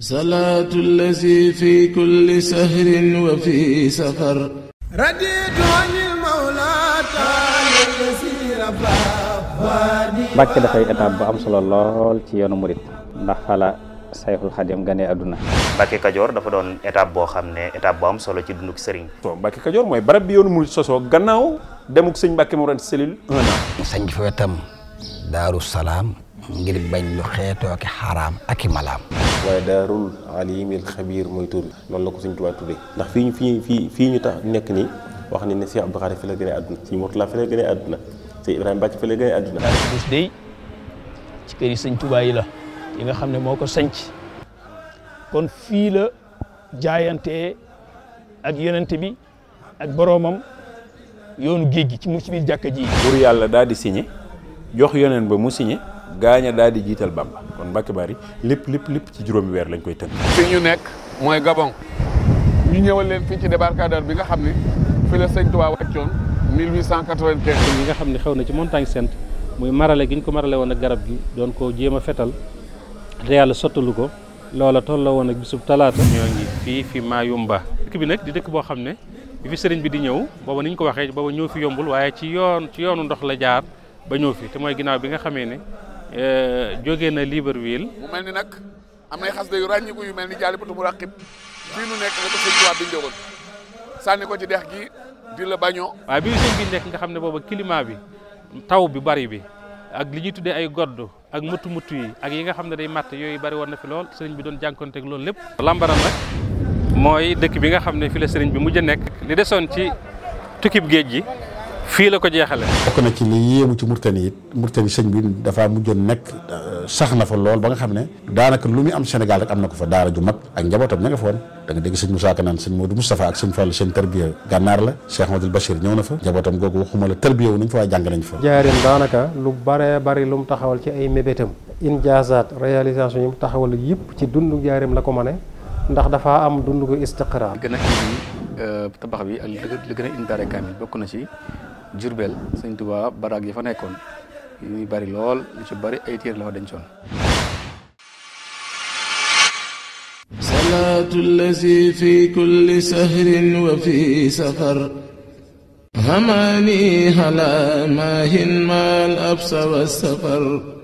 salaatu lazi fi kulli sahrin wa fi safar raditu anil mawla Mbàkke dafay étape bu am solo lool ci yoonu murit ndax fala sayxul xadim gane àdduna Mbàkke Kajoor dafa doon étape boo xam ne étape bu am solo ci dunduk sëriñ so Mbàkke Kajoor mooy barab bi yoonu murit sosoo gannaaw demuk sëñ Mbàkke Mor Anta Sali un an sañ fa wetam daaru salaam ngir bañ lu xeetoo ki xaraam ak i malaam waaye daarul alimil xabir mooy tur noonu la ko Sëñ Tuubaa tuddee ndax fii ñu fii fii fii ñu tax nekk nii wax ni ne Cheikh Abdou Khadre fi la gënee àdduna Sëñ Murtala fi la gënee àdduna Sëñ Ibrahima Bàcc fi la gënee àdduna dus day ci la yi nga xam ne moo ko sanc kon fii la jaayante ak yonente bi ak boroomam yoonu géej gi ci mu ci biir jàkka ji buur yàlla daal di signé jox yoneen ba mu signé gaaña daal di jiital Bamba kon Mbacke Bari lépp lépp lépp ci juróomi weer lañ koy tënk. fi ñu nekk mooy Gabon ñu ñëwal leen fii ci débarcadère bi nga xam ne fi la sëñ Touba wàccoon 1895. yi nga xam ne xew na ci montagne sainte muy marale gi ñu ko marale woon ak garab gi doon ko jéem a fetal te yàlla sottalu ko loola tolloo woon ak bisub talaata. ñoo ngi fii fi Mayumba. dëkk bi nag di dëkk boo xam ne fi sëriñ bi di ñëw booba ni ñu ko waxee booba ñëw fi yombul waaye ci yoon ci yoonu ndox la jaar ba ñëw fi te mooy ginnaaw bi nga xamee ne. Euh, jóge na Libreville. mu mel ni nag am nay xas yu ràññiku yu mel ni jaalibatu muraqib fii nu nekk la ko sëñ Tuubaa ko ci dex gi di la bañoo. waaw bi sëñ bi nekk nga xam ne booba climat bi taw bi bari bi ak li ñuy tuddee ay godd ak mutu mutu yi ak yi nga xam ne day matt yooyu bari woon na fi lool sëriñ bi doon jànkonteeg loolu lépp. Lambaram nag mooy dëkk bi nga xam ne fi la sëriñ bi mujj a nekk. li desoon ci tukkib géej gi. fii la ko jeexale bokk na ci li yéemu ci Murtani it Murtani sëñ bi dafa mujjoon nekk euh, sax na fa lool ba nga xam ne daanaka lu muy am Sénégal rek am na ko fa daara ju mag ak njabootam ña nga fa woon da nga dégg sëñ Moussa Kanaan sëñ Modou Moustapha ak sëñ Fall seen tarbiya gànnaar la Cheikh Amadou ñëw na fa njabootam googu waxuma la tarbiya wu nañ fa waaye jàng nañ fa jaarim daanaka lu bare bari lu mu taxawal ci ay mébétam injaazaat réalisation yi mu taxawal yëpp ci dundu jaarim la ko mane ndax dafa am dundu istiqraar gën a indi euh, tabax bi ak li a indi daara na ci Jurbel sëñ Tuubaa baraag yi fa nekkoon yu muy bari lool lu ci bari ay téere la fa dencoon salaatu allazi fi kulli sahrin wa fi safar hamaani hala maahin maal absa wa safar